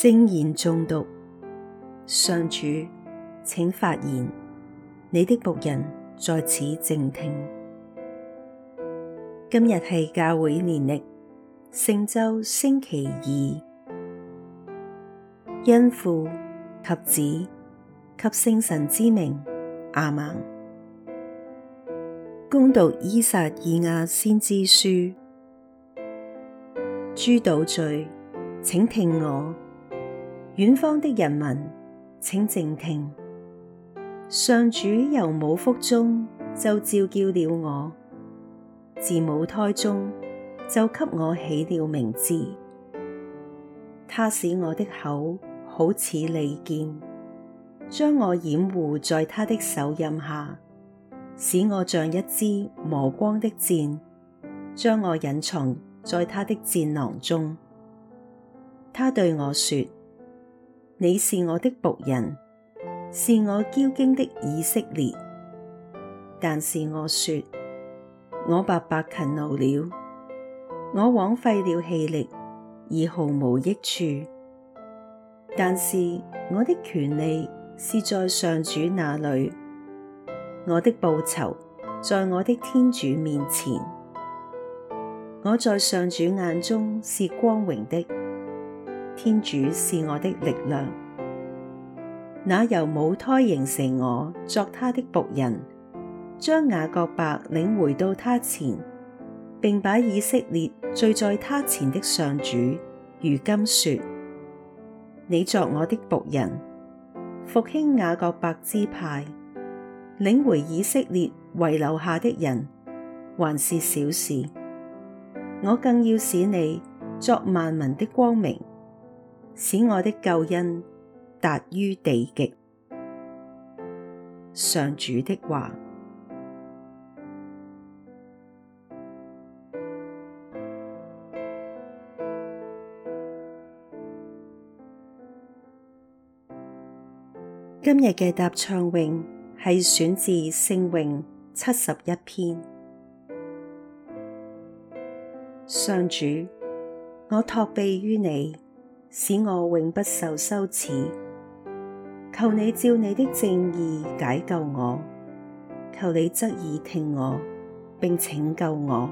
聖言誦讀，上主，請發言，你的僕人在此靜聽。今日係教會年曆，聖周星期二，因父及子及聖神之名，阿門。恭讀依撒意亞先知書，諸島嶼，請聽我。遠方的人民，請靜聽。上主由母腹中就召叫了我，自母胎中就給我起了名字。他使我的口好似利劍，將我掩護在他的手蔭下，使我像一支磨光的箭，將我隱藏在他的箭囊中。他對我說。你是我的僕人，是我驕矜的以色列。但是我說，我白白勤勞了，我枉費了氣力而毫無益處。但是我的權利是在上主那裏，我的報酬在我的天主面前。我在上主眼中是光榮的。天主是我的力量，那由母胎形成我，作他的僕人，將雅各伯領回到他前，並把以色列聚在他前的上主，如今說：你作我的僕人，復興雅各伯支派，領回以色列遺留下的人，還是小事。我更要使你作萬民的光明。使我的救恩達於地極。上主的話，今日嘅答唱詠係選自聖詠七十一篇。上主，我託庇於你。使我永不受羞恥，求你照你的正義解救我，求你側耳聽我，並拯救我。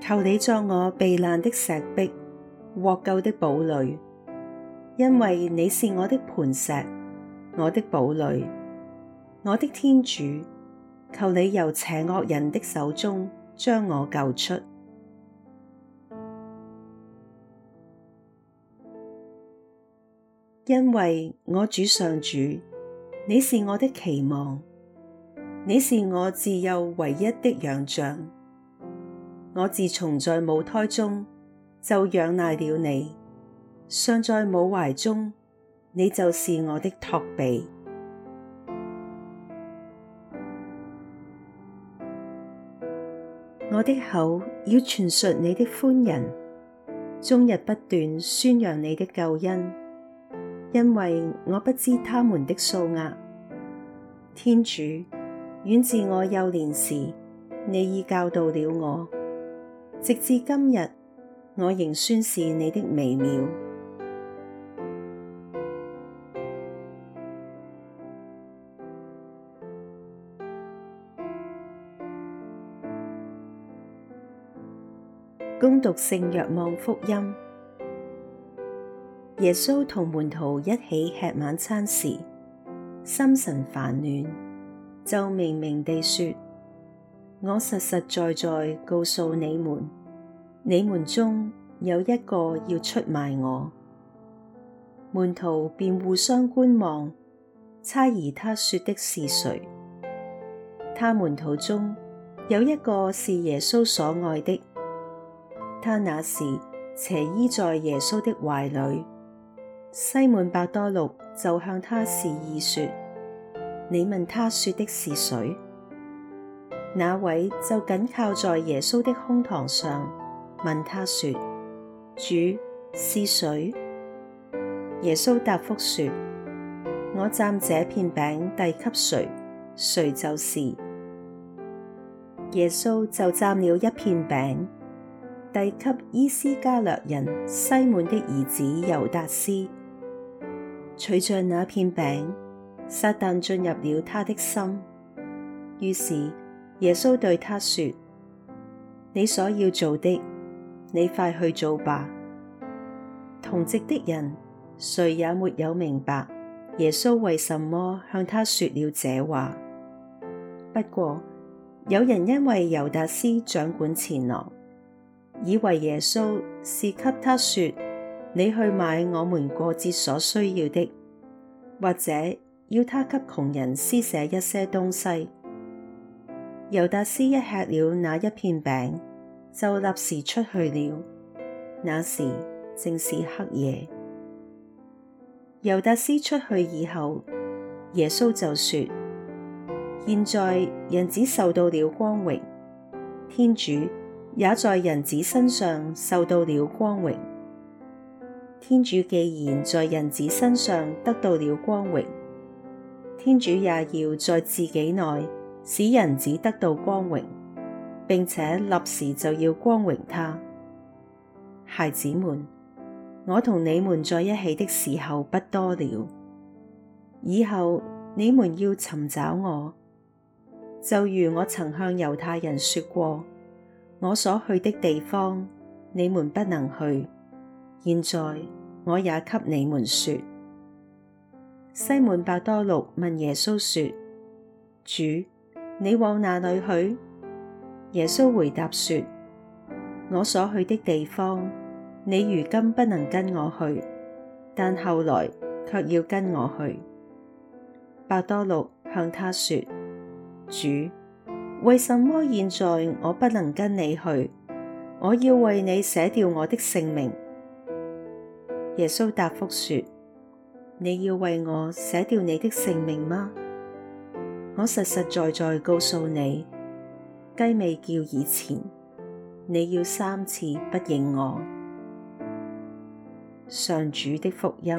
求你作我避難的石壁，獲救的堡壘，因為你是我的磐石，我的堡壘，我的天主。求你由邪惡人的手中，將我救出，因為我主上主，你是我的期望，你是我自幼唯一的仰仗。我自從在母胎中就仰賴了你，尚在母懷中，你就是我的託庇。我的口要傳述你的寬仁，終日不斷宣揚你的救恩，因為我不知他們的數額。天主，遠自我幼年時，你已教導了我，直至今日，我仍宣示你的微妙。恭讀聖若望福音，耶穌同門徒一起吃晚餐時，心神煩亂，就明明地說：我實實在在告訴你們，你們中有一個要出賣我。門徒便互相觀望，猜疑他說的是誰。他門徒中有一個是耶穌所愛的。他那時斜依在耶穌的懷裏，西門百多祿就向他示意說：你問他說的是誰？那位就緊靠在耶穌的胸膛上，問他說：主是水。耶穌答覆說：我蘸這片餅遞給誰，誰就是。耶穌就蘸了一片餅。遞給依斯加略人西滿的兒子猶達斯，隨着那片餅，撒殫進入了他的心。於是耶穌對他說：你所要做的，你快去做吧。同席的人誰也沒有明白耶穌為什麼向他說了這話。不過有人因為猶達斯掌管錢囊。以為耶穌是給他說，你去買我們過節所需要的，或者要他給窮人施捨一些東西。猶達斯一吃了那一片餅，就立時出去了。那時正是黑夜。猶達斯出去以後，耶穌就說：現在人子受到了光榮，天主。也在人子身上受到了光榮。天主既然在人子身上得到了光榮，天主也要在自己內使人子得到光榮，並且立時就要光榮他。孩子們，我同你們在一起的時候不多了，以後你們要尋找我，就如我曾向猶太人說過。我所去的地方，你們不能去。現在我也給你們說。西滿伯多祿問耶穌說：主，你往哪裏去？耶穌回答說：我所去的地方，你如今不能跟我去，但後來卻要跟我去。伯多祿向他說：主。為什麼現在我不能跟你去？我要為你捨掉我的性命！耶穌答覆說：你要為我捨掉你的性命嗎？我實實在在告訴你，雞未叫以前，你要三次不認我。上主的福音。